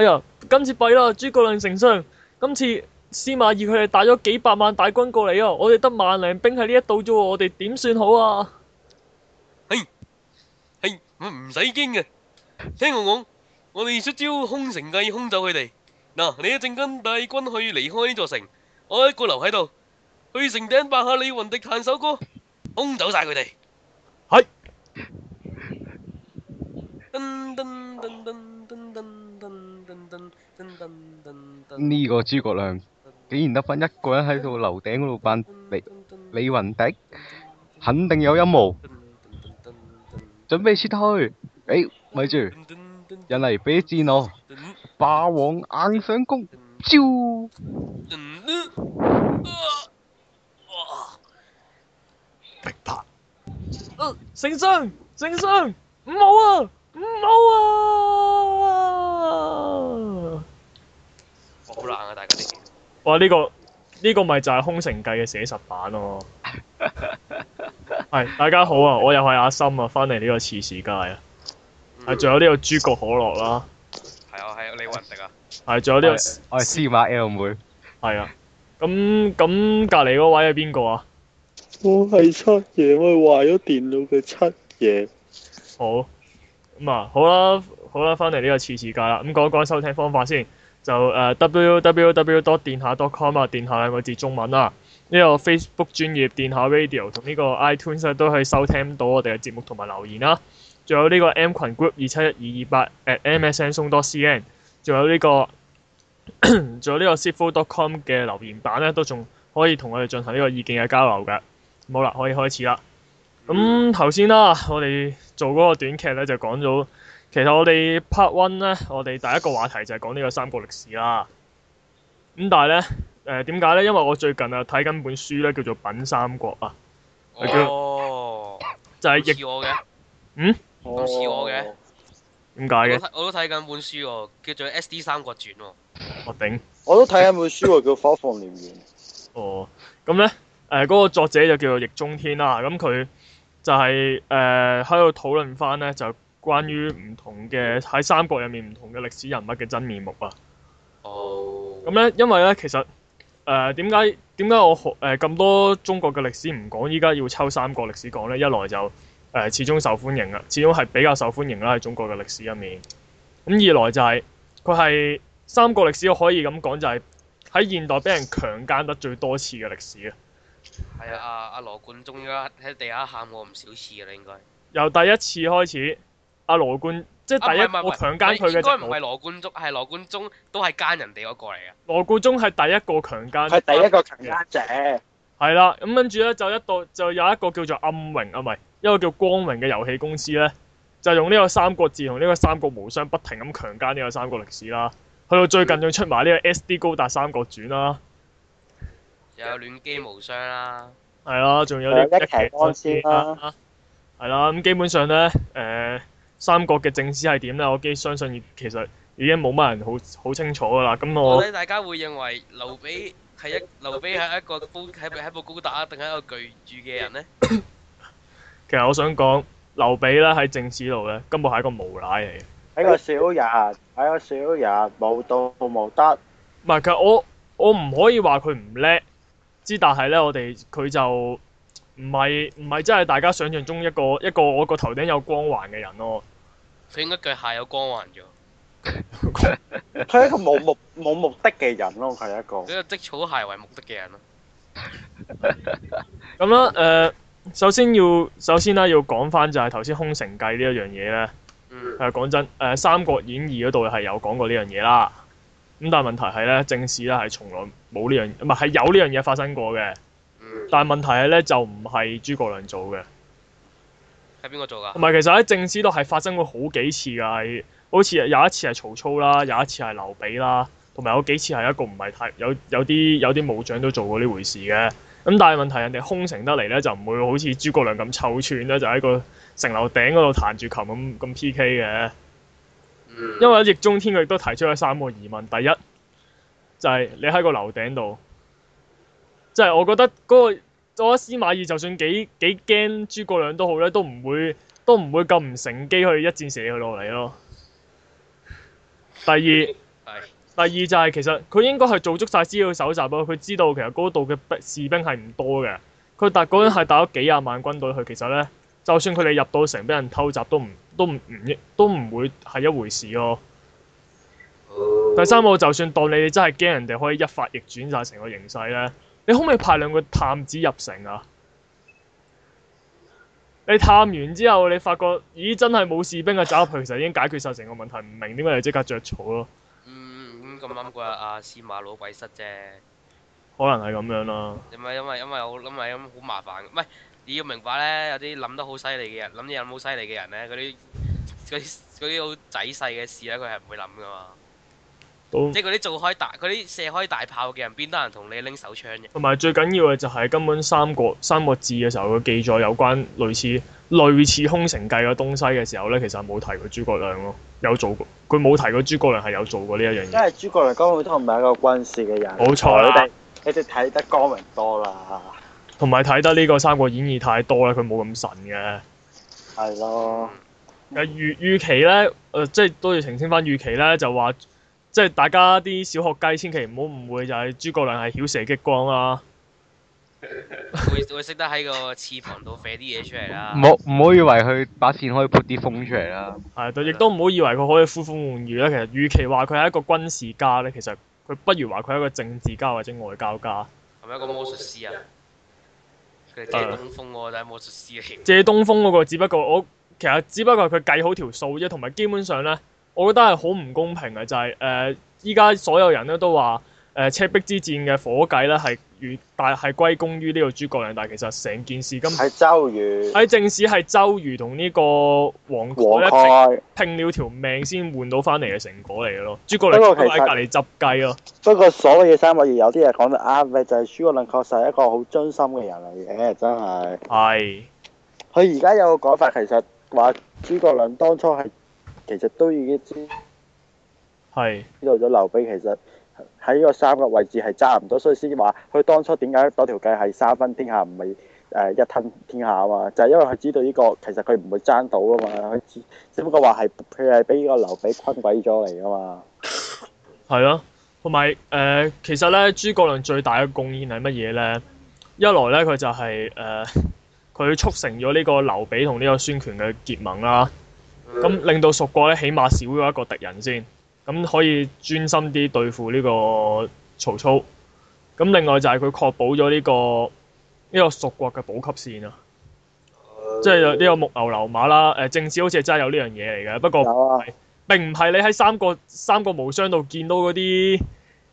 哎呀，今次弊啦！諸葛亮丞相，今次司馬懿佢哋帶咗幾百萬大軍過嚟啊！我哋得萬零兵喺呢一度啫，我哋點算好啊？係，係，唔使驚嘅，聽我講，我哋出招空城計，空走佢哋。嗱，你一陣間帶軍去離開呢座城，我一個留喺度，去城頂扮下李雲迪彈首歌，空走晒佢哋。係。呢個諸葛亮竟然得翻一個人喺度樓頂嗰度扮李李雲迪，肯定有陰謀，準備撤退。哎，咪住，人嚟比戰我，霸王硬上弓，招，哇，逼拍，啊，受傷，受傷，唔好啊，唔好啊。好難啊！大家啲，哇呢、這個呢、這個咪就係空城計嘅寫實版咯、啊。係 大家好啊！我又係阿森啊，翻嚟呢個次世界啊。係仲、嗯、有呢個諸葛可樂啦。係啊，係你雲迪啊。係仲有呢個，我係司馬 L 妹。係啊，咁咁隔籬嗰位係邊個啊？我係七爺，我係壞咗電腦嘅七爺。好、啊，咁啊好啦好啦，翻嚟呢個次世界啦。咁講講收聽方法先。就誒、uh, www. 多、uh, 電下 .com 啊，電下兩個字中文啦。呢、uh, 個 Facebook 專頁電下 Radio 同呢個 iTunes、uh, 都可以收聽到我哋嘅節目同埋留言啦。仲、uh, 有呢個 M 群 group 二七一二二八 a m s n c n 仲有呢個仲有呢個 sitfo.com 嘅留言板咧，都仲可以同我哋進行呢個意見嘅交流嘅、嗯。好啦，可以開始啦。咁頭先啦，我哋做嗰個短劇咧，就講咗。其實我哋 part one 咧，我哋第一個話題就係講呢個三國歷史啦。咁、嗯、但係咧，誒點解咧？因為我最近啊睇緊本書咧，叫做《品三國》啊。哦。就係、是、逆我嘅。嗯。哦。似我嘅。點解嘅？我都睇緊本書、哦，叫做《SD 三國傳》。我頂。我都睇緊本書，叫《火鳳燎原》。哦。咁咧、哦，誒嗰、 哦呃嗰個作者就叫做易中天啦。咁佢就係誒喺度討論翻咧就。關於唔同嘅喺《三國》入面唔同嘅歷史人物嘅真面目啊！哦。咁咧，因為咧，其實誒點解點解我誒咁、呃、多中國嘅歷史唔講，依家要抽《三國》歷史講咧？一來就誒、呃、始終受歡迎啊，始終係比較受歡迎啦喺中國嘅歷史入面。咁、嗯、二來就係佢係《三國》歷史我可以咁講，就係喺現代俾人強姦得最多次嘅歷史啊！係啊！阿阿羅貫中依喺地下喊過唔少次啦，應該。由第一次開始。阿羅貫即係第一個強，我強奸佢嘅。應該唔係羅貫中，係羅貫中都係奸人哋嗰、那個嚟嘅。羅貫中係第一個強奸。係第一個強奸者。係啦，咁跟住咧就一度就有一個叫做暗榮啊，唔係一個叫光榮嘅遊戲公司咧，就用呢個三國志同呢個三國無雙不停咁強奸呢個三國歷史啦。去到最近仲出埋呢個 SD 高達三國傳啦，又、嗯、有戀姬無雙啦、啊，係啦，仲有啲一騎光了先啦、啊，係啦，咁基本上咧，誒、呃。三國嘅正史係點咧？我幾相信已其實已經冇乜人好好清楚噶啦。咁我，大家會認為劉備係一劉備係一個高係係部高達定係一個巨著嘅人咧？其實我想講劉備咧喺正史度咧根本係一個無賴嚟嘅，一個小人，一個小人，無道無德。唔係佢，我我唔可以話佢唔叻，之但係咧，我哋佢就唔係唔係真係大家想象中一個一個我個頭頂有光環嘅人咯。佢應該腳下有光環啫。佢係一個冇目冇 目的嘅人咯，係一個。佢一個積草鞋為目的嘅人咯。咁啦，誒，首先要首先啦，要講翻就係頭先空城計呢一樣嘢咧。誒、嗯，講、啊、真，誒《三國演義》嗰度係有講過呢樣嘢啦。咁但係問題係咧，正史咧係從來冇呢樣嘢，唔係係有呢樣嘢發生過嘅。嗯、但係問題係咧，就唔係諸葛亮做嘅。係邊個做噶？唔係，其實喺正史度係發生過好幾次噶，好似有一次係曹操啦，有一次係劉備啦，同埋有，有幾次係一個唔係太有有啲有啲武將都做過呢回事嘅。咁但係問題人哋空城得嚟呢，就唔會好似諸葛亮咁臭串咧，就喺個城樓頂嗰度彈住琴咁咁 P K 嘅。因為易中天佢亦都提出咗三個疑問，第一就係、是、你喺個樓頂度，即、就、係、是、我覺得嗰、那個。我覺得司馬懿就算幾幾驚諸葛亮都好咧，都唔會都唔會咁唔乘機去一箭射佢落嚟咯。第二，第二就係、是、其實佢應該係做足晒資料搜集咯，佢知道其實嗰度嘅兵士兵係唔多嘅。佢打嗰陣係打咗幾廿萬軍隊去，其實咧，就算佢哋入到城俾人偷襲都唔都唔唔都唔會係一回事咯。第三個，就算當你真係驚人哋可以一發逆轉晒成個形勢咧。你可唔可以派兩個探子入城啊？你探完之後，你發覺，咦，真係冇士兵啊！走入去其實已經解決晒成個問題，唔明點解你即刻着草咯？嗯，咁啱嗰日啊司馬魯鬼塞啫，可能係咁樣啦，啊。點解，嗯？因為因為好，因為咁好麻煩。唔係你要明白咧，有啲諗得好犀利嘅人，諗嘢好犀利嘅人咧，嗰啲嗰啲嗰啲好仔細嘅事咧，佢係唔會諗噶嘛。即係嗰啲做開大嗰啲射開大炮嘅人，邊得人同你拎手槍啫？同埋最緊要嘅就係根本三國三國志嘅時候，佢記載有關類似類似空城計嘅東西嘅時候咧，其實冇提過諸葛亮咯，有做過佢冇提過諸葛亮係有做過呢一樣嘢。即係諸葛亮根本唔係一個軍事嘅人。冇錯啦，一直睇得孔明多啦，同埋睇得呢個《三國演義》太多啦，佢冇咁神嘅。係咯，預預期咧，誒，即係都要澄清翻預期咧，就話。即係大家啲小學雞，千祈唔好誤會，就係、是、諸葛亮係曉射激光啦、啊。 會會識得喺個翅膀度飛啲嘢出嚟啦。唔好唔好以為佢把扇可以撥啲風出嚟啦。係，亦都唔好以為佢可以呼風喚雨啦。其實，與其話佢係一個軍事家咧，其實佢不如話佢係一個政治家或者外交家。係咪一個魔術師啊？借東風喎，就係魔術師嚟。借東風嗰個，只不過我其實只不過佢計好條數啫，同埋基本上咧。我覺得係好唔公平嘅，就係、是、誒、依、呃、家所有人咧都話誒、呃，赤壁之戰嘅火計咧係，但係歸功於呢個諸葛亮，但係其實成件事根本係周瑜，係正史係周瑜同呢個黃蓋拼了條命先換到翻嚟嘅成果嚟嘅咯。諸葛亮喺隔籬執雞咯。不過所謂嘅三國二有啲嘢講得啱嘅，就係諸葛亮確實係一個好忠心嘅人嚟嘅，欸，真係。係是。佢而家有個講法，其實話諸葛亮當初係。其實都已經知，係知道咗劉備其實喺呢個三個位置係爭唔到，所以先話佢當初點解打條計係三分天下唔係誒一吞天下啊嘛？就係、是、因為佢知道呢、這個其實佢唔會爭到啊嘛。佢只不過話係佢係俾呢個劉備屈鬼咗嚟㗎嘛。係咯、啊，同埋誒其實咧，諸葛亮最大嘅貢獻係乜嘢咧？一來咧，佢就係誒佢促成咗呢個劉備同呢個孫權嘅結盟啦。咁、嗯嗯、令到蜀國咧，起碼少咗一個敵人先，咁、嗯、可以專心啲對付呢個曹操。咁、嗯嗯、另外就係佢確保咗呢、這個呢、這個蜀國嘅補給線啊，嗯、即係呢個木牛流馬啦。誒、呃，正史好似係真係有呢樣嘢嚟嘅。不過不、嗯嗯、並唔係你喺《三國三國無雙》度見到嗰啲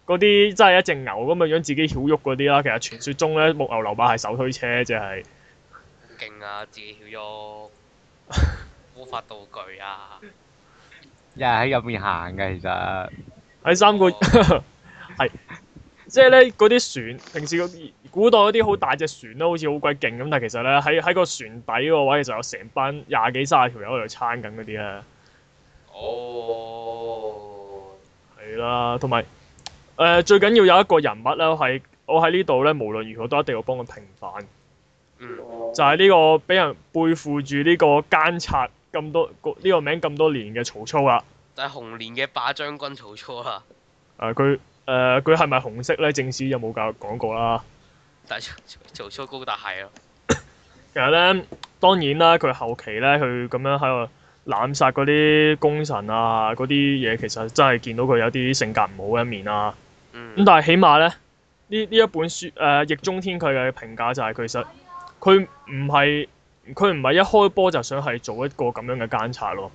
嗰啲真係一隻牛咁嘅樣自己曉喐嗰啲啦。其實傳說中咧，木牛流，流馬係手推車，即係勁啊！自己曉喐。嗯 魔法道具啊！又係喺入邊行嘅，其實喺三個係，即係咧嗰啲船， 平時古代嗰啲好大隻船咧，好似好鬼勁咁，但係其實咧喺喺個船底嗰位就個，其實有成班廿幾三十條友喺度撐緊嗰啲咧。哦，係啦，同埋誒，最緊要有一個人物咧，係我喺呢度咧，無論如何都一定要幫佢平反。嗯，就係呢個俾人背負住呢個監察。咁多呢，這個名咁多年嘅曹操啊，但係紅蓮嘅霸將軍曹操啊，誒、呃，佢，誒，佢係咪紅色咧？正史有冇教講過啦、啊？但係曹操高達係啊。 其實咧，當然啦，佢後期咧，佢咁樣喺度濫殺嗰啲功臣啊，嗰啲嘢其實真係見到佢有啲性格唔好一面啊。咁、嗯嗯、但係起碼咧，呢呢一本書誒、易、呃、中天佢嘅評價就係、是，其實佢唔係。佢唔係一開波就想係做一個咁樣嘅監察咯。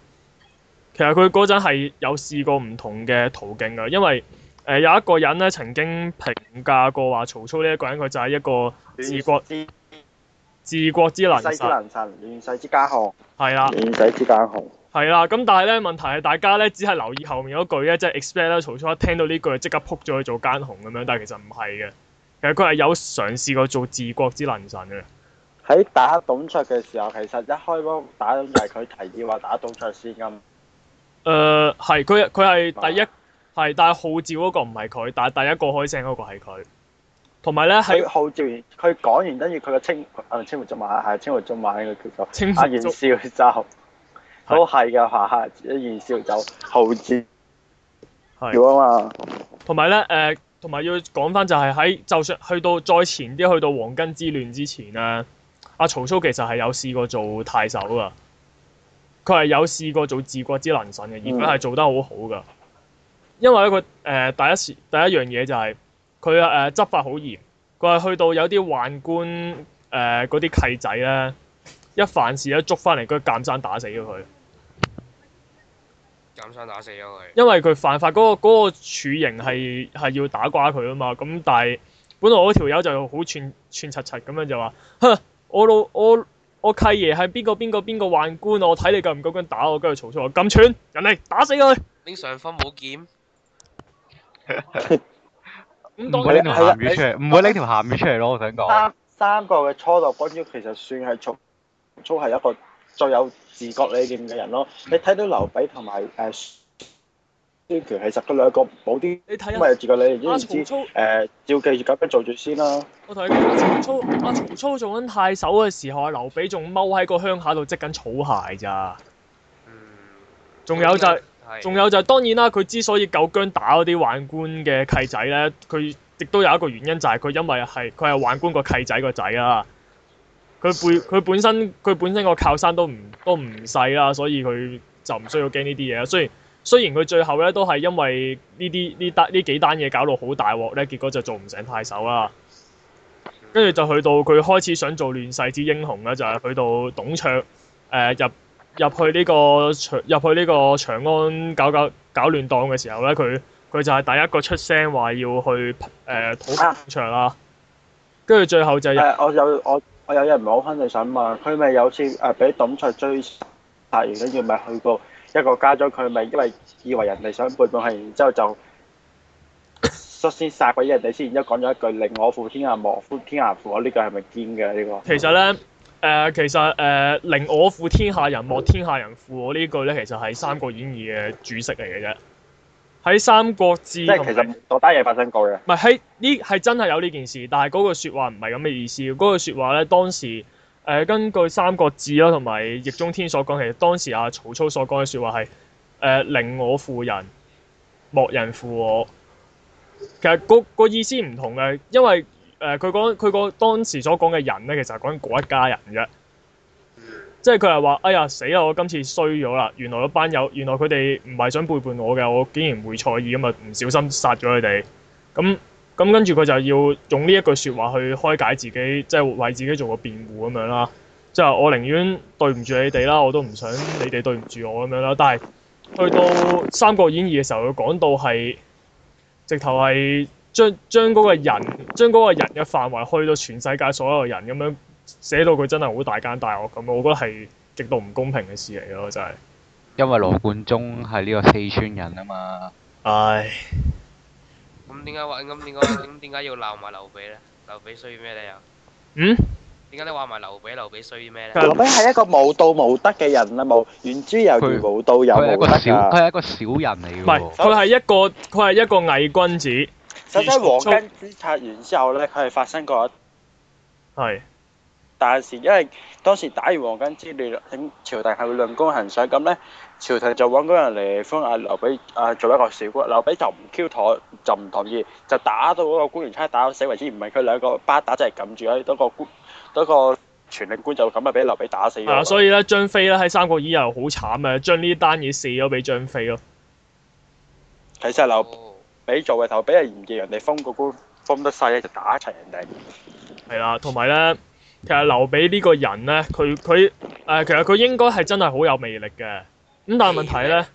其實佢嗰陣係有試過唔同嘅途徑嘅，因為誒、呃、有一個人咧曾經評價過話曹操呢一個人，佢就係一個治國之治國之能臣，亂世之奸雄係啦，亂世之奸雄係啦。咁但係咧，問題係大家呢，只係留意後面嗰句咧，即係 expect 曹操一聽到呢句即刻撲咗去做奸雄咁樣，但係其實唔係嘅。其實佢係有嘗試過做治國之能臣嘅。喺打董卓嘅時候，其實一開波打，打就係佢提議話打董卓先嘅、啊。誒係、呃，佢佢係第一係，但係號召嗰個唔係佢，但係第一個開聲嗰個係佢。同埋咧，喺號召佢講完，跟住佢嘅稱啊，稱為仲萬係稱為仲萬嘅叫做。清華袁紹就是都係嘅，下下袁紹就號召叫是啊嘛。同埋咧，誒同埋要講返就係喺就算去到再前啲，去到黃巾之亂之前啊。阿曹操其實係有試過做太守噶，佢係有試過做治國之能臣嘅，而佢係做得好好噶。因為佢誒、呃、第一時第一樣嘢就係佢誒執法好嚴，佢係去到有啲宦官誒嗰啲契仔咧，一犯事一捉翻嚟，佢鑊山打死咗佢。鑊山打死咗佢。因為佢犯法嗰、嗰個嗰處刑係係要打瓜佢啊嘛，咁但係本來我條友就好串串柒柒咁樣就話，哼。我老我我契爺係邊個邊個邊個宦官啊！我睇你夠唔夠膽打我吵吵，跟住曹操話咁串，人嚟打死佢，拎尚方寶劍。唔、 嗯、會拎條鹹魚出嚟，唔的會拎條鹹魚出嚟咯。你我想講三三個嘅初度君主，其實算係曹操係一個最有自覺理念嘅人咯。嗯、你睇到劉備同埋誒。呃呢條係實咗兩個，冇啲乜嘢住噶。你睇下，阿曹操誒，要記住緊先做住先啦。我同你講，曹操，阿曹操做緊太守嘅時候，阿劉備仲踎喺個鄉下度織緊草鞋咋。仲有就係，仲有就係當然啦。佢之所以夠薑打嗰啲宦官嘅契仔咧，佢亦都有一個原因，就係佢因為係佢係宦官個契仔個仔啊。佢背佢本身佢本身個靠山都唔都唔細啦，所以佢就唔需要驚呢啲嘢啦。雖然。雖然佢最後咧都係因為呢啲呢單呢幾單嘢搞到好大鑊咧，結果就做唔成太守啦。跟住就去到佢開始想做亂世之英雄咧，就係、是、去到董卓誒、呃、入入去呢、這個長入去呢個長安搞搞搞亂檔嘅時候咧，佢佢就係第一個出聲話要去誒、呃、討賊場啦。跟住最後就係、啊、我有我我有嘢唔係好肯定想問，佢咪有次誒俾、啊、董卓追殺完之後過，咪去到？一個加咗佢咪，因為以為人哋想背叛佢，然之後就率先殺鬼人哋先，然之後講咗一句令我負天下人莫天下人負我，這個、呢句係咪堅嘅呢個？其實咧，誒其實誒令我負天下人莫，莫天下人負我呢句咧，其實係《三國演義》嘅主食嚟嘅啫。喺《三國志》其實冇單嘢發生過嘅。唔係喺呢，係真係有呢件事，但係嗰個説話唔係咁嘅意思。嗰句説話咧，當時。呃、根據三個志》咯，同埋易中天所講，其實當時阿曹操所講嘅説話係誒寧我負人，莫人負我。其實個，個意思唔同嘅，因為佢講佢個當時所講嘅人呢，其實係講緊嗰一家人嘅，即係佢係話：哎呀死啦！我今次衰咗啦！原來嗰班友，原來佢哋唔係想背叛我嘅，我竟然會錯意咁啊，唔小心殺咗佢哋。咁、嗯咁跟住佢就要用呢一句説話去開解自己，即係為自己做個辯護咁樣啦。即係我寧願對唔住你哋啦，我都唔想你哋對唔住我咁樣啦。但係去到《三國演義》嘅時候，佢講到係直頭係將將嗰個人將嗰個人嘅範圍去到全世界所有人，咁樣寫到佢真係好大奸大惡咁，我覺得係極度唔公平嘅事嚟咯，就係。因為羅貫中係呢個四川人啊嘛。唉。咁點解話？咁點解？咁點解要鬧埋劉備咧？劉備衰咩咧又？嗯？點解你話埋劉備？劉備衰啲咩咧？劉備係一個無道無德嘅人啦，冇。圓珠又如無道又無德啊！佢係一個小，佢係一個小人嚟嘅。唔係，佢係一個，佢係一個偽君子。實際黃巾之禍完之後咧，佢係發生過係，但是因為當時打完黃巾之亂，朝廷係會論功行賞咁咧。朝廷就揾嗰人嚟封阿劉備，誒、啊、做一個小官。劉備就唔 Q 妥，就唔同意，就打到嗰個官員差打到死為止。唔係佢兩個八打，就係撳住喺多個官，多個權力官就噉啊，俾劉備打死、啊。所以咧，張飛咧喺《三國演義》又好慘啊，將呢單嘢泄咗俾張飛咯。其實劉備做嘅頭，俾人嫌忌，人哋封個官封得晒咧，就打齊人哋。係啦，同埋咧，其實劉備呢個人咧，佢佢誒，其實佢應該係真係好有魅力嘅。咁但係問題咧，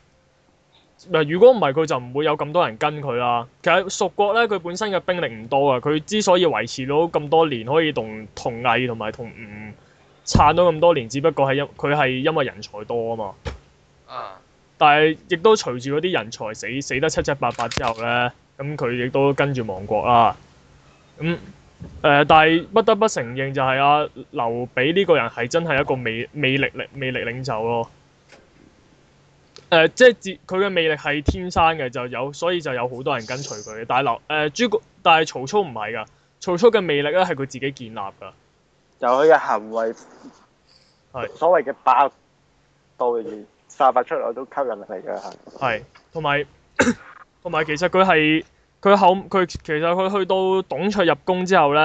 唔如果唔係佢就唔會有咁多人跟佢啦。其實蜀國咧，佢本身嘅兵力唔多啊，佢之所以維持到咁多年，可以同同魏同埋同吳撐咗咁多年，只不過係因佢係因為人才多啊嘛。但係亦都隨住嗰啲人才死死得七七八八之後咧，咁佢亦都跟住亡國啦。咁、嗯、誒、呃，但係不得不承認就係阿、啊、劉備呢個人係真係一個魅魅力力魅力領袖咯。誒、呃，即係自佢嘅魅力係天生嘅，就有所以就有好多人跟隨佢。但係劉誒諸葛，但係曹操唔係噶，曹操嘅魅力咧係佢自己建立噶，就佢嘅行為係是所謂嘅霸道而發出來都吸引嚟嘅嚇。係，同埋同埋其實佢係佢後佢其實佢去到董卓入宮之後咧，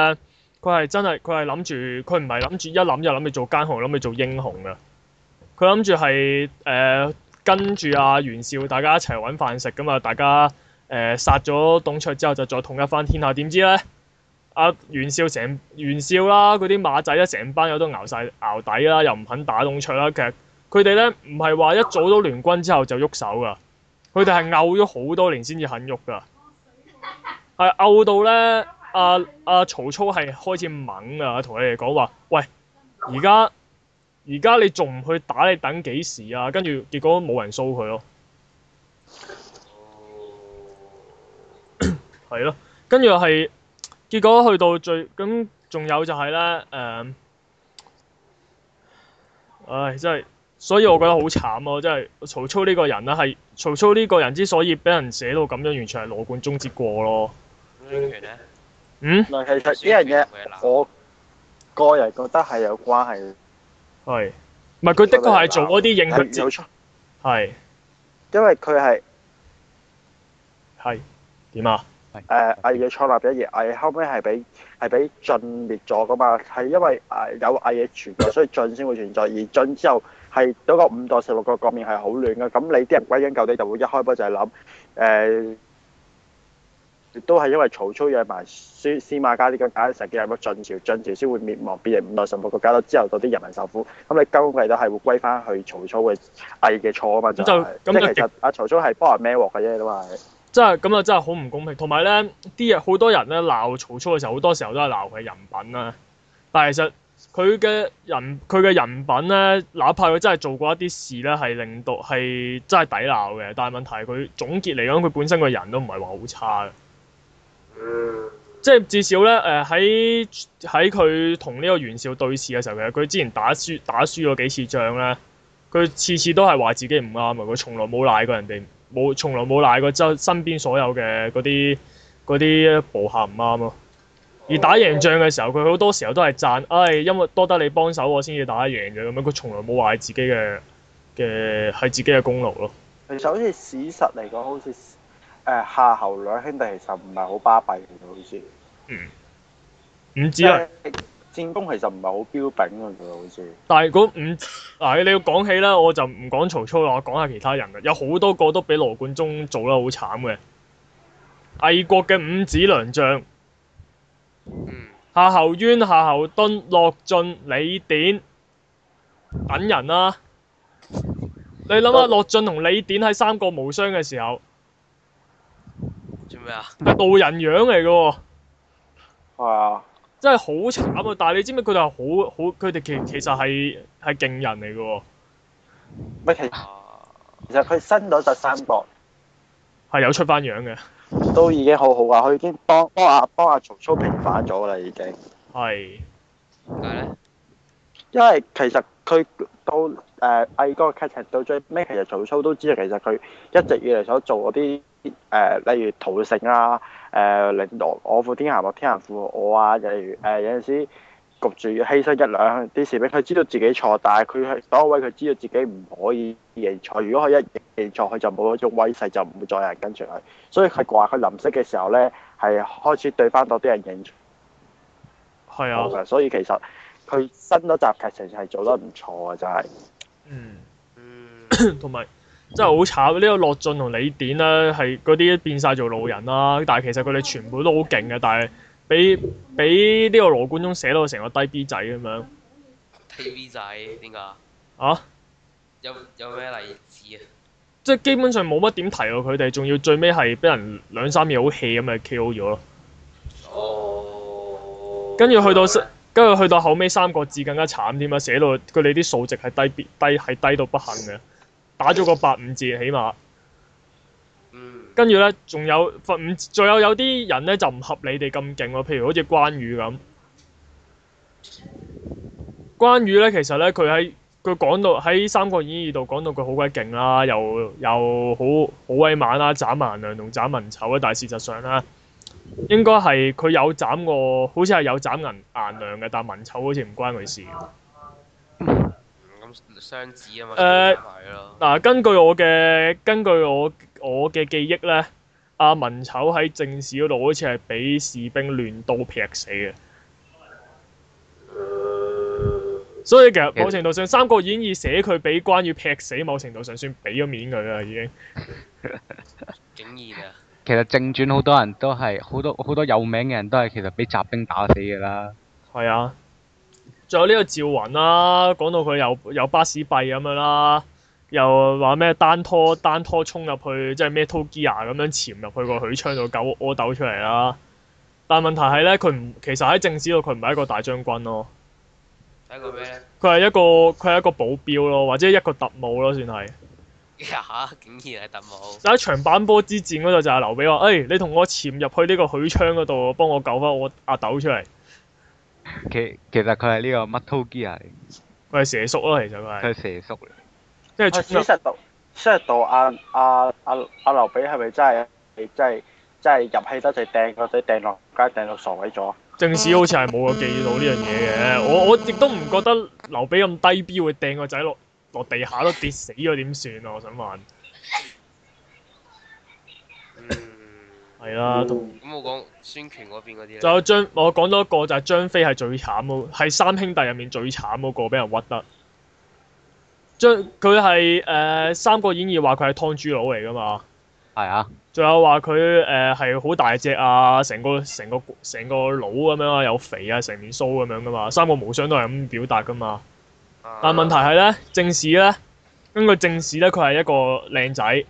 佢係真係佢係諗住佢唔係諗住一諗就諗住做奸雄，諗住做英雄嘅，佢諗住係誒。呃跟住阿袁紹，大家一齊揾飯食咁啊！大家誒殺咗董卓之後，就再統一翻天下。點知呢？阿、啊、袁紹成袁紹啦，嗰啲馬仔咧，成班友都熬晒熬底啦，又唔肯打董卓啦。其實佢哋呢，唔係話一組到聯軍之後就喐手噶，佢哋係拗咗好多年先至肯喐噶。係拗到呢，阿、啊、阿、啊、曹操係開始猛啊，同佢哋講話：喂，而家！而家你仲唔去打？你等幾時啊？跟住結果冇人掃佢咯，係咯？跟住又係，結果去到最咁，仲有就係咧誒，唉，真係，所以我覺得好慘咯，真係。曹操呢個人咧、啊，係曹操呢個人之所以俾人寫到咁樣，完全係羅貫中之過咯。嗯？嗯，其實呢樣嘢，嗯、我個人覺得係有關係。係，唔係佢的確係做嗰啲影響力，係，因為佢係，係點啊？誒，魏嘅創立者，而魏後尾係俾係俾晉滅咗噶嘛？係因為誒有魏嘢存在，所以晉先會存在，而晉之後係嗰個五代十六個局面係好亂嘅。咁你啲人歸根究底就會一開波就係諗誒。亦都係因為曹操養埋司司馬家呢咁，搞成幾日嘅晉朝，晉朝先會滅亡，變成五代十國嘅階段到之後到啲人民受苦。咁你交貴都係會歸翻去曹操嘅魏嘅錯啊嘛，就，是、就，就即其實阿極、啊、曹操係幫人孭鑊嘅啫，都係。就真係咁啊，真係好唔公平。同埋咧，啲人好多人咧鬧曹操嘅時候，好多時候都係鬧佢人品啦、啊。但係其實佢嘅人，佢嘅人品咧，哪怕佢真係做過一啲事咧，係令到係真係抵鬧嘅。但係問題佢總結嚟講，佢本身個人都唔係話好差嘅。嗯、即係至少咧誒喺喺佢同呢、呃、個袁紹對峙嘅時候，其實佢之前打輸打輸咗幾次仗咧，佢次次都係話自己唔啱啊！佢從來冇賴過人哋，冇從來冇賴過周身邊所有嘅嗰啲嗰啲部下唔啱咯！而打贏仗嘅時候，佢好多時候都係讚唉、哎，因為多得你幫手，我先至打得贏嘅咁樣。佢從來冇話自己嘅嘅係自己嘅功勞咯。其實好似史實嚟講，好似。誒，夏侯兩兄弟其實唔係好巴閉，其實好似，嗯，五子啊，戰功其實唔係好彪炳啊，其實好似。但係嗰五，嗱你要講起咧，我就唔講曹操啦，我講下其他人嘅，有好多個都俾羅貫中做得好慘嘅。魏國嘅五子良將，夏侯淵、夏侯惇、樂進、李典等人啦、啊。你諗下，樂進同李典喺三國無雙嘅時候。咩啊？係道人樣嚟噶，係啊！真係好慘啊！但係你知唔知佢哋係好好，佢哋其其實係係勁人嚟噶？乜，其實其實佢新咗第三國，係有出翻樣嘅，都已經好好啊，佢已經幫幫阿幫阿曹操平反咗啦，已經係點解咧？是呢因為其實。佢到誒，係、呃哎嗰個劇情到最尾，其實曹操都知道，其實佢一直以嚟所做嗰啲誒，例如屠城啊，誒領導我負天下，我天下負我啊，例如誒有陣時焗住要犧牲一兩啲士兵，佢知道自己錯，但係佢係所位，佢知道自己唔可以認錯。如果佢一認錯，佢就冇嗰種威勢，就唔會再有人跟住佢。所以佢話佢臨死嘅時候咧，係開始對翻多啲人認錯。係啊，所以其實。佢新嗰集劇情係做得唔錯啊！真係、嗯，嗯，同埋 真係好慘。呢、這個樂進同李典咧係嗰啲變晒做路人啦。但係其實佢哋全部都好勁嘅，但係俾俾呢個羅貫中寫到成個低 B 仔咁樣。低 B 仔？點解？啊？有有咩例子啊？ 即係基本上冇乜點提到佢哋，仲要最尾係俾人兩三件好戲咁咪 K O 咗咯。哦。跟住去到。跟住去到後尾，《三國志》更加慘添啊！寫到佢哋啲數值係低別低，係低到不行嘅，打咗個八五折起碼。跟住咧，仲有仲有有啲人咧就唔合理哋咁勁喎。譬如好似關羽咁。關羽咧，其實咧，佢喺佢講到喺《三國演義》度講到佢好鬼勁啦，又又好好威猛啦，斬顏良同斬文醜啊！但事實上啦。應該係佢有斬過，好似係有斬銀顏良嘅，但文醜好似唔關佢事。咁雙子啊嘛。誒，嗱，根據我嘅根據我我嘅記憶咧，阿、啊、文醜喺正史嗰度好似係俾士兵亂刀劈死嘅。嗯、所以其實某程度上，《 三國演義》寫佢俾關羽劈死，某程度上算俾咗面佢啦，已經。 其實正傳好多人都係，好多好多有名嘅人都係其實俾雜兵打死嘅啦。係啊，仲有呢個趙雲啦，講到佢有有巴士閉咁樣啦，又話咩單拖單拖衝入去，即係咩 t 偷雞啊咁樣潛入去個許昌度救阿斗出嚟啦。但係問題係咧，佢唔其實喺正史度佢唔係一個大將軍咯。睇過咩？佢係一個佢係一個保鏢咯，或者一個特務咯算，算係。啊！竟然係特務，就喺長坂坡之戰嗰度就係劉備話，誒、哎，你同我潛入去呢個許昌嗰度，幫我救翻我阿斗出嚟。其其實佢係呢個 Metal Gear 啊？佢係蛇叔咯，其實佢係。佢係蛇叔。即係。其實、啊啊啊、是是到，其實到阿阿阿阿劉備係咪真係真係真係入戲得就掟個仔掟落街掟到傻鬼咗？嗯、正史好似係冇記到呢樣嘢嘅，我我亦都唔覺得劉備咁低 B 會掟個仔落。落地下都跌死咗點算啊！我想問，嗯，係啊，咁、哦、都我講孫權嗰邊嗰啲，仲有張我講多一個就係張飛係最慘嗰，係三兄弟入面最慘嗰個，俾人屈得。張佢係誒《三國演義》話佢係劏豬佬嚟噶嘛，係啊。仲有話佢誒係好大隻啊，成個成個成個佬咁樣啊，有肥啊，成面鬚咁樣噶嘛，《三國無雙》都係咁表達噶嘛。但問題係呢，正史呢，根據正史呢，佢係一個靚仔。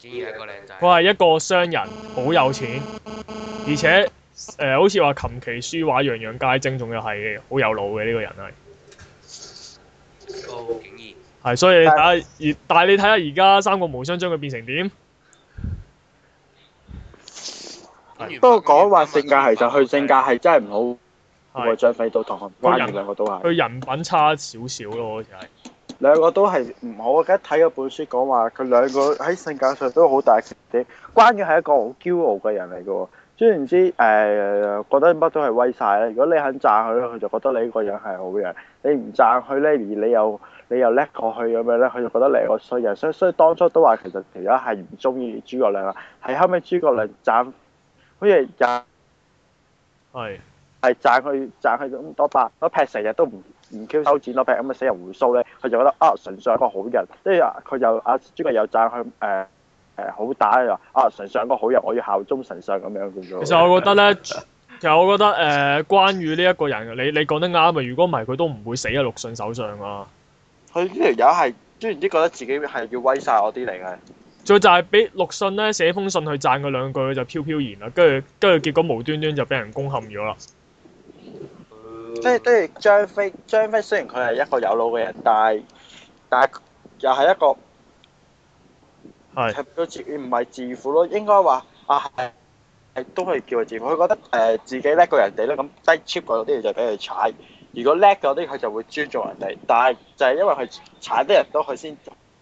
佢係一,一個商人，好有錢，而且、呃、好似話琴棋書畫樣樣皆精，洋洋正仲要係好有腦嘅呢個人係、哦。所以你睇下對但係你睇下而家三個無雙將佢變成點？不過講話性格係，其實就佢性格係真係唔好。外將飛到同漢，關羽時兩個都係佢人品差少少咯，好似係。兩個都係唔好，我而家睇嗰本書講話，佢兩個喺性格上都好大啲。關羽係一個好驕傲嘅人嚟嘅喎，雖然唔知誒、呃、覺得乜都係威晒，咧。如果你肯贊佢佢就覺得你呢個樣係好人；你唔贊佢咧，而你又你又叻過去咁樣咧，佢就覺得你係個衰人。所以所以，當初都話其實曹操係唔中意諸葛亮啦，係後尾諸葛亮贊，好似係係贊佢贊佢咁多百攞劈，成日都唔唔 Q 收錢攞劈咁嘅死人回蘇咧，佢就覺得啊，丞相係個好人，跟住佢就阿諸葛又贊佢誒誒好打又啊，丞相個好人，我要效忠神相咁樣叫做。那個、其實我覺得咧， 其實我覺得誒、呃、關羽呢一個人，你你講得啱啊！如果唔係佢都唔會死喺陸遜手上啊。佢呢條友係居然啲覺得自己係要威晒我啲嚟嘅，最就係俾陸遜咧寫封信去贊佢兩句，佢就飄飄然啦。跟住跟住結果無端端就俾人攻陷咗啦。即係，即係張飛。張飛雖然佢係一個有腦嘅人，但係，但係又係一個係都自唔係自負咯。應該話啊，係都可以叫佢自負。佢覺得誒、呃、自己叻過人哋啦，咁低 cheap 嗰啲嘢就俾佢踩。如果叻過啲，佢就會尊重人哋。但係就係因為佢踩啲人都，佢先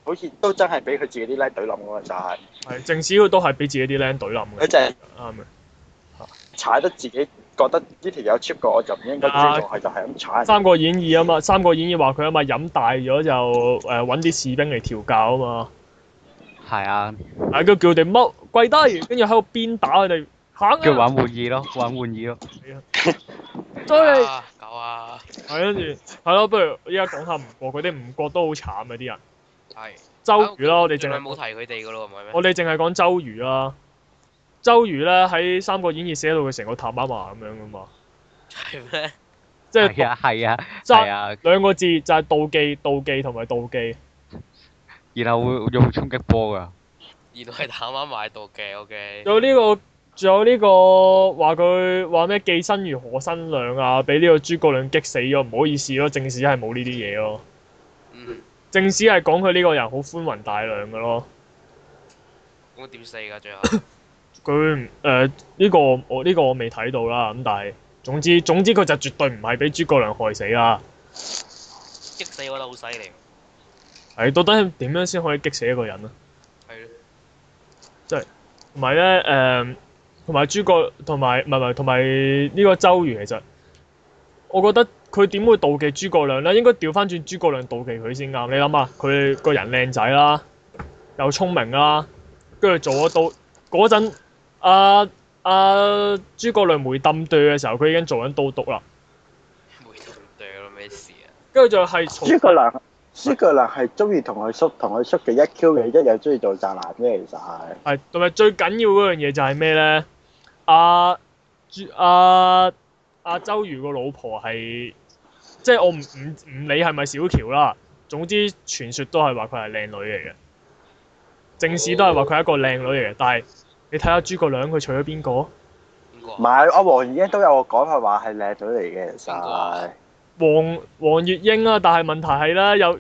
好似都真係俾佢自己啲僆隊諗嘅就係、是。係，正少都係俾自己啲僆隊諗。佢就係啱嘅。踩、嗯、得自己。覺得呢條有 cheap 過，我就唔應該追佢。就係咁踩。《三國演義》啊、呃、嘛，嗯《三國演義》話佢啊嘛飲大咗就誒搵啲士兵嚟調教啊嘛。係啊。係佢叫佢哋踎跪低，跟住喺度鞭打佢哋。叫玩玩意咯，玩玩意咯。係對 啊。所以、 就是。夠啊。係跟住係咯，不如依家講下吳國嗰啲吳國都好慘啊！啲人。係、哎。周瑜啦，我哋淨係冇提佢哋噶咯，唔係咩？我哋淨係講周瑜啦。周瑜咧喺《三國演義》寫到佢成個貪媽麻咁樣噶嘛？係咩嗎？即係啊，係啊，係啊，啊 okay. 兩個字就係妒忌、妒忌同埋妒忌。然後會用衝擊波噶。然後係貪媽麻妒忌，OK。有呢、這個，仲有呢、這個話佢話咩？既生瑜，何生亮啊，俾呢個諸葛亮激死咗，唔好意思、啊、咯。嗯、正史係冇呢啲嘢咯。正史係講佢呢個人好寬宏大量噶咯。咁點死㗎？最後？ 佢誒呢個我呢、這個我未睇到啦。咁但係總之總之佢就絕對唔係俾諸葛亮害死啦、啊。激死我覺得好犀利。係到底點樣先可以激死一個人啊？係、就、咯、是，即係同埋咧誒，同、呃、埋諸葛同埋唔係唔係同埋呢個周瑜其實，我覺得佢點會妒忌諸葛亮咧？應該調翻轉諸葛亮妒忌佢先啱。你諗下，佢個人靚仔啦，又聰明啦，跟住做得到。嗰陣阿阿諸葛亮沒抌隊嘅時候，佢已經做緊都督啦。梅抌隊咯，咩事啊？跟住就係諸葛亮，諸葛亮係中意同佢叔同佢叔嘅一 Q 嘅，一又中意做宅男啫。其實係係同埋最緊要嗰樣嘢就係咩咧？阿阿阿周瑜個老婆係即係我唔唔唔理係咪小喬啦，總之傳說都係話佢係靚女嚟嘅。正史都係話佢係一個靚女嚟嘅，但係你睇下諸葛亮佢娶咗邊個啊？唔係阿黃月英都有個講法話係靚女嚟嘅，就係黃黃月英啊。但係問題係咧，有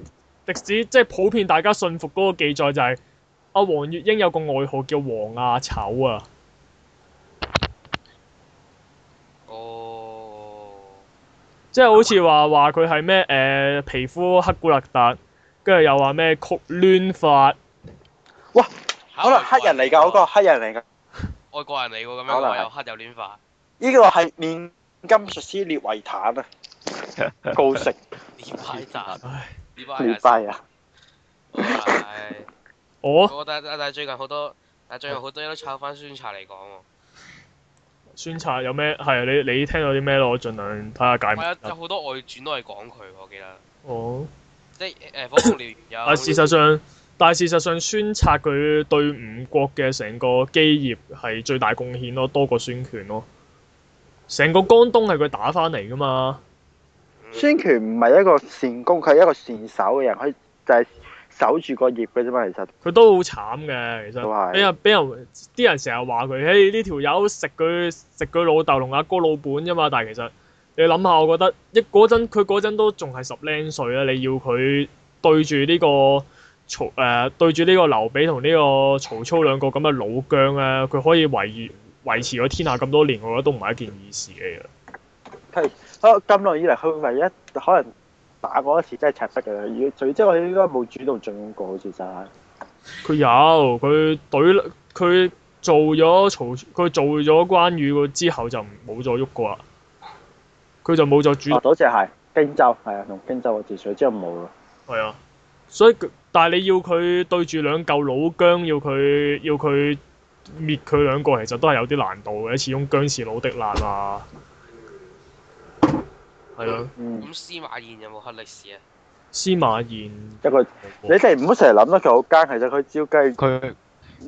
歷史即係普遍大家信服嗰個記載就係阿黃月英有個外號叫黃阿醜啊。哦。即係好似話話佢係咩誒皮膚黑古勒達，跟住又話咩曲攣髮。哇！可能黑人嚟㗎，嗰個黑人嚟㗎，外國人嚟喎，咁樣又黑又亂化。呢個係煉金術師列維坦啊，高色。列維坦，列維坦啊！我但係但係最近好多但係最近好多都炒翻孫策嚟講喎。孫策有咩係啊，你你聽到啲咩咯？我儘量睇下解密。有好多外傳都係講佢，我記得。哦。即係誒火鳳燎原。但事實上。但係事實上，孫策佢對吳國嘅成個基業係最大貢獻咯，多過孫權咯。成個江東係佢打返嚟㗎嘛。孫權唔係一個善攻，佢係一個善守嘅人，佢就係守住個業嘅啫嘛。其實佢都好慘嘅，其實俾是人俾人啲、hey, 人成日話佢，嘿呢條友食佢食佢老豆同阿哥老本啫嘛。但係其實你諗下，我覺得一嗰陣佢嗰陣都仲係十零歲啦，你要佢對住呢、呢個。曹誒、嗯、對住呢個劉備同呢個曹操兩個咁嘅老將咧、啊，佢可以維維持咗天下咁多年，我覺得都唔係一件易事嘅。係，咁、哦、耐以嚟佢唯一可能打過一次真係赤壁嘅，如果除咗之後應該冇主動進攻過好似啫。佢有佢隊佢做咗曹佢做咗關羽個之後就冇再喐過啦。佢就冇再主動。嗰只係荊州，係啊，同荊州個之除咗之後冇啦。係啊，所以佢。但係你要佢對住兩嚿老薑，要佢要佢滅佢兩個，其實都係有啲難度嘅。始終薑是老的辣啊，係咯。咁司馬炎有冇黑歷史啊？司馬炎一個，你哋唔好成日諗得佢好奸，其實佢照計佢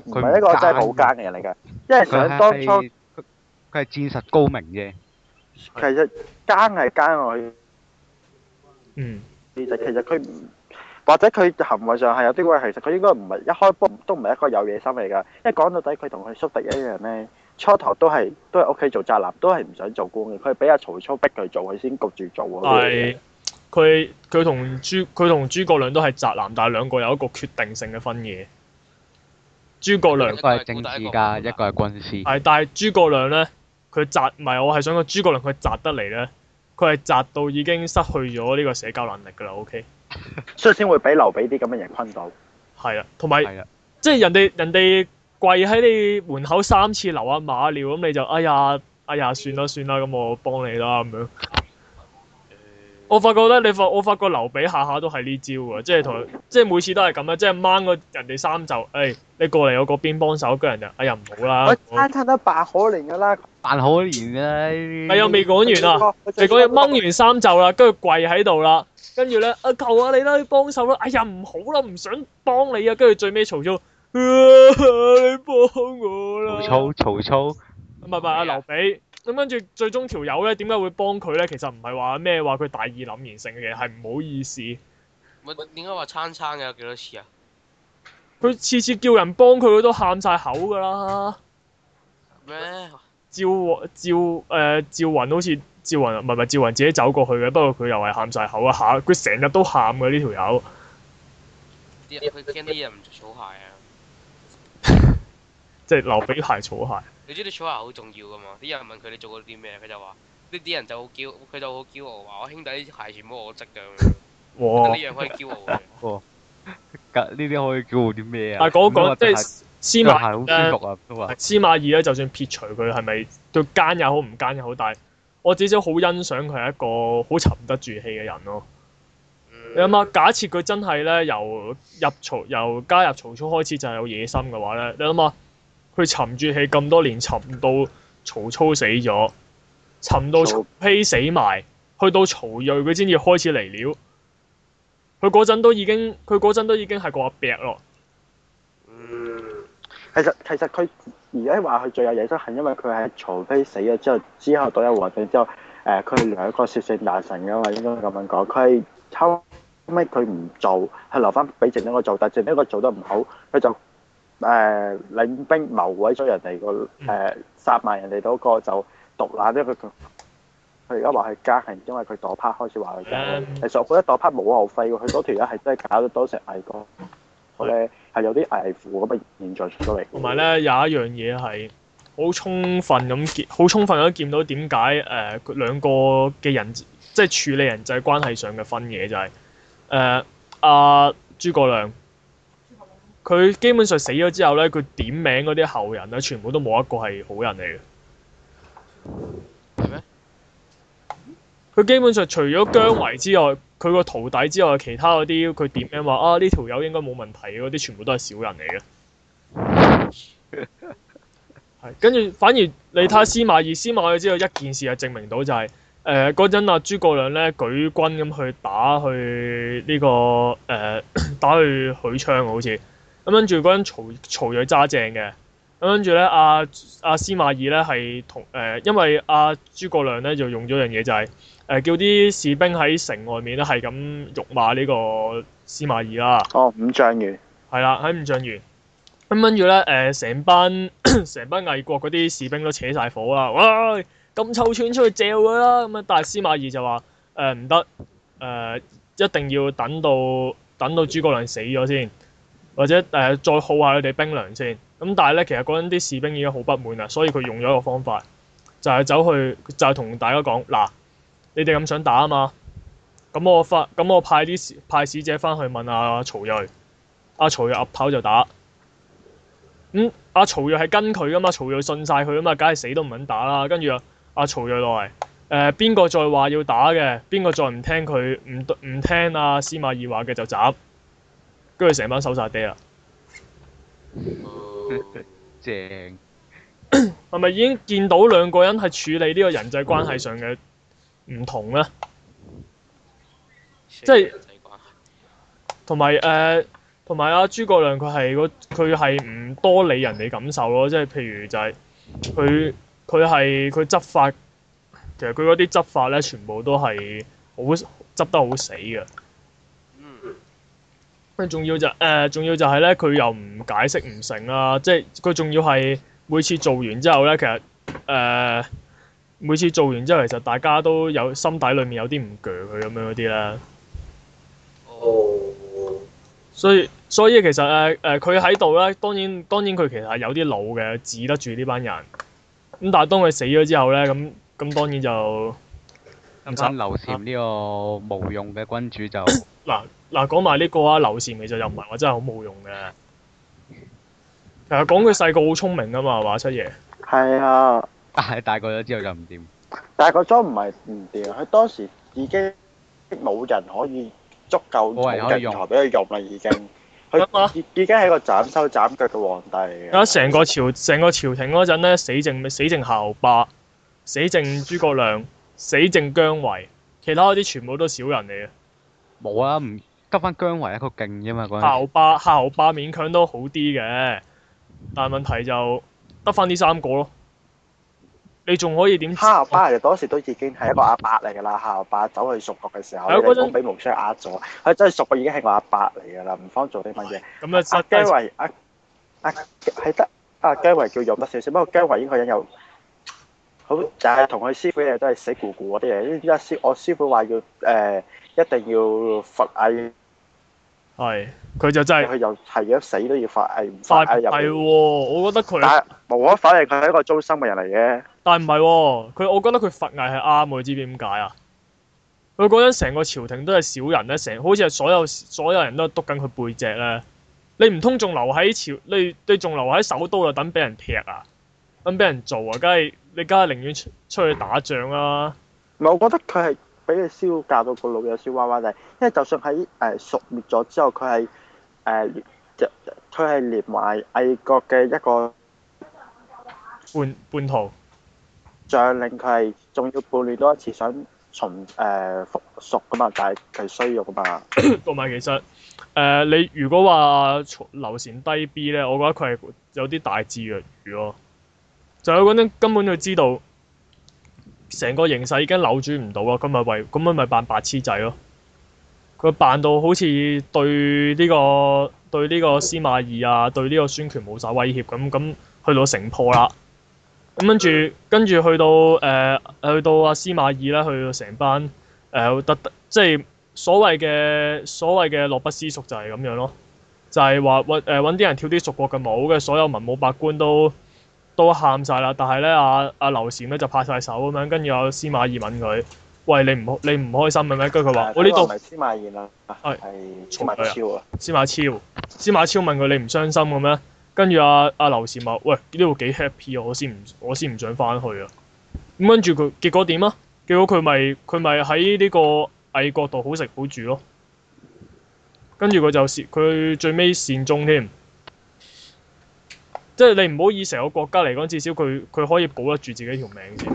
唔係一個真係好奸嘅人嚟嘅。因為想當初佢係戰術高明嘅。其實奸係奸落去，嗯，其實其實佢。或者佢行為上係有啲位，其實佢應該唔係一開波都唔係一個有野心嚟噶。一講到底，佢同佢叔侄一樣呢，初頭都係都係屋企做宅男，都係唔想做官嘅。佢係俾阿曹操逼佢做，佢先焗住做。係佢佢同諸佢同諸葛亮都係宅男，但係兩個有一個決定性嘅分野。諸葛亮一個係政治家，一個係軍師。但係諸葛亮呢，佢宅唔係，我係想講諸葛亮佢宅得嚟呢，佢係宅到已經失去咗呢個社交能力㗎啦。OK。所以 先會俾劉備啲咁嘅人困到，係啊，同埋的即係人哋人哋跪喺你門口三次流阿、啊、馬尿，咁你就哎呀哎呀算啦算啦，咁我幫你啦咁樣。我發覺咧，你發我發覺劉備下下都係呢招噶，即係同即係每次都係咁啊，即係掹嗰人哋衫袖，誒、哎，你過嚟我嗰邊幫手，跟住人就哎呀唔好啦，我餐餐都扮可憐噶啦，扮可憐啦，哎呀，未講完啊，你講完掹完衫袖啦，跟住跪喺度啦，跟住咧啊求下你啦，幫手啦，哎呀唔好啦，唔想幫你啊，跟住最尾曹操，你幫我啦，曹操，曹操，唔係唔係啊劉備。咁跟住最終條友咧，點解會幫佢咧？其實唔係話咩話佢大意諗完成嘅嘢實係唔好意思。唔點解話餐餐嘅有幾多次啊？佢次次叫人幫佢，佢都喊晒口㗎啦。咩麼？趙趙誒、呃、趙雲好似趙雲唔係唔係趙雲自己走過去嘅，不過佢又係喊晒口啊。下，佢成日都喊嘅呢條友。啲佢驚啲嘢唔着草鞋啊！即係留俾鞋草鞋。你知啲草鞋好重要噶嘛？啲人問佢你做過啲咩，佢就話呢啲人就好驕，佢就好驕傲，話我兄弟啲鞋全部我織嘅。呢樣哇可以驕傲。呢啲可以驕傲啲咩啊？但係講講即係司馬好啊，司、呃、馬懿咧，就算撇除佢係咪對奸也好，唔奸也好，但係我至少好欣賞佢係一個好沉得住氣嘅人咯、啊。嗯、你諗下，假設佢真係咧由入曹，由加入曹操開始就係有野心嘅話咧，你諗下。佢沉住氣咁多年，沉到曹操死咗，沉到曹丕死埋，去到曹睿佢先至開始嚟了。佢嗰陣都已經，佢嗰陣都已經係個阿伯咯。嗯、其，其實其實佢而家話佢最有野心係因為佢喺曹丕死咗之後，之後到一皇帝之後，誒、呃、佢兩個絕世大神嘅嘛，應該咁樣講。佢抽，因為佢唔做，係留翻俾剩一個做，但剩一個做得唔好，佢就。誒、呃、領兵謀毀咗人哋個，誒殺埋人哋嗰個就毒因咗佢，佢而家話係加，係因為佢代拍開始話佢。加、嗯。其實我覺得代拍冇後廢喎，佢嗰條友係真係搞到當時魏國佢咧係有啲危負咁啊！現在出咗嚟。同埋咧有一樣嘢係好充分咁見，好充分咁見到點解誒兩個嘅人即係、就是、處理人際關係上嘅分野就係誒阿諸葛亮。呃啊佢基本上死咗之後呢，佢點名嗰啲後人呢，全部都冇一個係好人嚟嘅。佢嗎基本上除咗姜維之外，佢個徒弟之外，其他嗰啲佢點名話啊呢條友應該冇問題嘅嗰啲，全部都係小人嚟嘅。跟住， 反而你睇下司馬懿，司馬懿之後一件事就證明到就係誒嗰陣啊，諸葛亮呢舉軍咁去打去呢、呢個誒、呃、打去許昌好似。咁跟住嗰陣曹曹睿揸正嘅，咁跟住咧阿阿司馬懿咧係同誒、呃，因為阿諸葛亮咧就用咗樣嘢就係誒叫啲士兵喺城外面咧係咁辱罵呢個司馬懿啦。哦，五丈原。係啦，喺五丈原。咁跟住咧誒，成、呃、班成班魏國嗰啲士兵都扯晒火啦，喂，咁臭串出去噍佢啦，咁啊！但係司馬懿就話誒唔得，誒、呃呃呃呃、一定要等到等到諸葛亮死咗先。或者誒、呃、再耗下佢哋兵糧先，咁、嗯、但係咧，其實嗰陣啲士兵已經好不滿啦，所以佢用咗一個方法，就係、是、走去就係、是、同大家講嗱，你哋咁想打啊嘛，咁我發咁我派啲派使者翻去問阿、啊、曹睿，阿、啊、曹睿岌頭就打，咁、嗯、阿、啊、曹睿係跟佢噶嘛，啊、曹睿信晒佢啊嘛，梗係死都唔肯打啦。跟住啊，阿曹睿話誒邊個再話要打嘅，邊個再唔聽佢唔唔聽阿、啊、司馬懿話嘅就斬。跟住成班手曬 d a 啦，正係咪已經見到兩個人係處理呢個人際關係上嘅唔同咧？即係同埋誒，同埋阿朱葛亮佢係嗰佢係唔多理人哋感受咯，即、就、係、是、譬如就係佢佢係佢執法，其實佢嗰啲執法咧，全部都係好執得好死嘅。佢仲要就誒、是，仲、呃、要就係咧，佢又唔解釋唔成啦、啊，即係佢仲要係每次做完之後咧，其實誒、呃、每次做完之後，其實大家都有心底裡面有啲唔鋸佢咁樣嗰啲啦。哦。Oh. 所以所以其實誒誒，佢喺度咧，當然當然，佢其實有啲老嘅，指得住呢班人。咁但係當佢死咗之後咧，咁咁當然就咁劉禪呢個無用嘅君主就嗱。啊啊啊嗱，講埋呢個啊，劉禪其實又唔係話真係好冇用嘅。誒，講佢細個好聰明啊嘛，係嘛，七爺。係啊。但係大個咗之後就唔掂。大個咗唔係唔掂，佢當時已經冇人可以足夠人才俾佢用啦，已經。佢嗎已經係一個斬手斬腳嘅皇帝嚟嘅。而家成個朝成個朝廷嗰陣咧，死剩死剩夏侯霸，死剩諸葛亮，死剩姜維，其他嗰啲全部都小人嚟嘅。冇啊，唔～.得翻姜維一個勁啫嘛嗰陣。夏侯霸，夏侯霸勉強都好啲嘅，但問題就得翻呢三個咯。你仲可以點？夏侯霸其實嗰時都已經係一個阿伯嚟㗎啦。夏侯霸走去蜀國嘅時候，吧你講俾冇出阿咗，佢真係熟嘅已經係個阿伯嚟㗎啦，唔方便做啲乜嘢。咁、欸、啊，姜維啊啊，係得阿姜維叫用得少少，不過姜維呢個人又好，就係同佢師傅咧都係死咕咕嗰啲嘢。依家師我師傅話要誒，一定要佛藝。啊啊。係，佢就真係佢又係嘅，死都要伐魏，伐魏又係。我覺得佢無可否認，佢係一個忠心嘅人嚟嘅。但係唔係喎？佢，我覺得佢伐魏係啱，你知唔知點解啊？佢講緊成個朝廷都係小人咧，成好似係所有所有人都篤緊佢背脊咧。你唔通仲留喺朝？你你仲留喺首都度等俾人劈啊？等俾人做啊？梗係你梗係寧願出，出去打仗啊。唔係，我覺得佢係。俾佢燒，教到個腦有少少娃娃底。因為就算喺誒、呃、蜀滅咗之後，佢係誒，佢、呃、係連埋魏國嘅一個叛叛徒將領，佢係仲要叛亂多一次，想重誒、呃、復蜀㗎嘛？但係係需要啊嘛。同 埋其實誒、呃，你如果話劉禪低 B 咧，我覺得佢係有啲大智若愚咯。就有嗰啲根本就知道。成個形勢已經扭轉唔到啊！佢咪為咁樣咪扮白痴仔咯？佢扮到好似對呢、呢個對呢個司馬懿啊，對呢個孫權冇晒威脅咁咁、呃，去到城破啦。咁跟住跟住去到誒去到阿司馬懿咧，去到成班誒、呃、特、特即係所謂嘅所謂嘅樂不思蜀就係咁樣咯，就係話揾誒啲人跳啲蜀國嘅舞嘅，所有文武百官都。都喊晒啦，但係咧，阿、啊、阿、啊、劉禪咧就拍晒手咁樣，跟住阿司馬懿問佢，喂，你唔好你唔開心嘅咩？跟住佢話我呢度。司馬懿啊。係、哎。司馬超啊。司馬超，司馬超問佢你唔傷心嘅咩？跟住阿阿劉禪話，喂呢度幾 happy，我先唔我先唔想翻去啊。咁跟住佢結果點啊？結果佢咪佢咪喺呢個魏國度好食好住咯。跟住佢就善，佢最尾善終添。即係你唔好以成個國家嚟講，至少佢佢可以保得住自己條命先。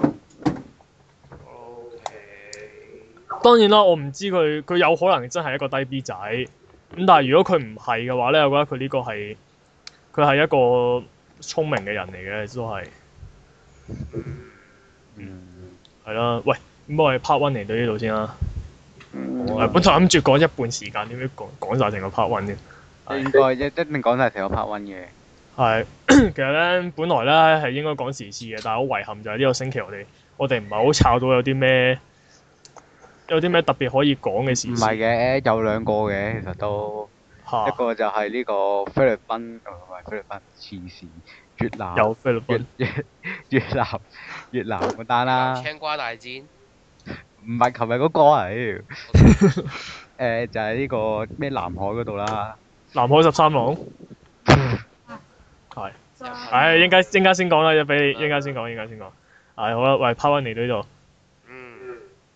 Okay. 當然啦，我唔知佢佢有可能真係一個低 B 仔咁，但係如果佢唔係嘅話咧，我覺得佢呢個係佢係一個聰明嘅人嚟嘅，都、就、係、是。嗯。係啦，喂，咁我哋 part one 嚟到呢度先啦。嗯、啊。我本來諗住講一半時間點樣講講晒成個 part one 嘅。應該，是應該一定講晒成個 part one 嘅。係， 其實咧，本來咧係應該講時事嘅，但係好遺憾就係呢個星期我哋我哋唔係好炒到有啲咩有啲咩特別可以講嘅時事。唔係嘅，有兩個嘅其實都、啊、一個就係呢個菲律賓，唔、啊、係菲律賓時事，越南，有菲律賓，越，越，越南越南嗰單啦、啊，青瓜大戰唔係琴日嗰個啊， 呃、就係、是、呢、這個咩南海嗰度啦、啊，南海十三郎。 唉、哎，應該應該先講啦，俾你應該先講，應該先講。唉、哎，好啦，喂，Power 呢度。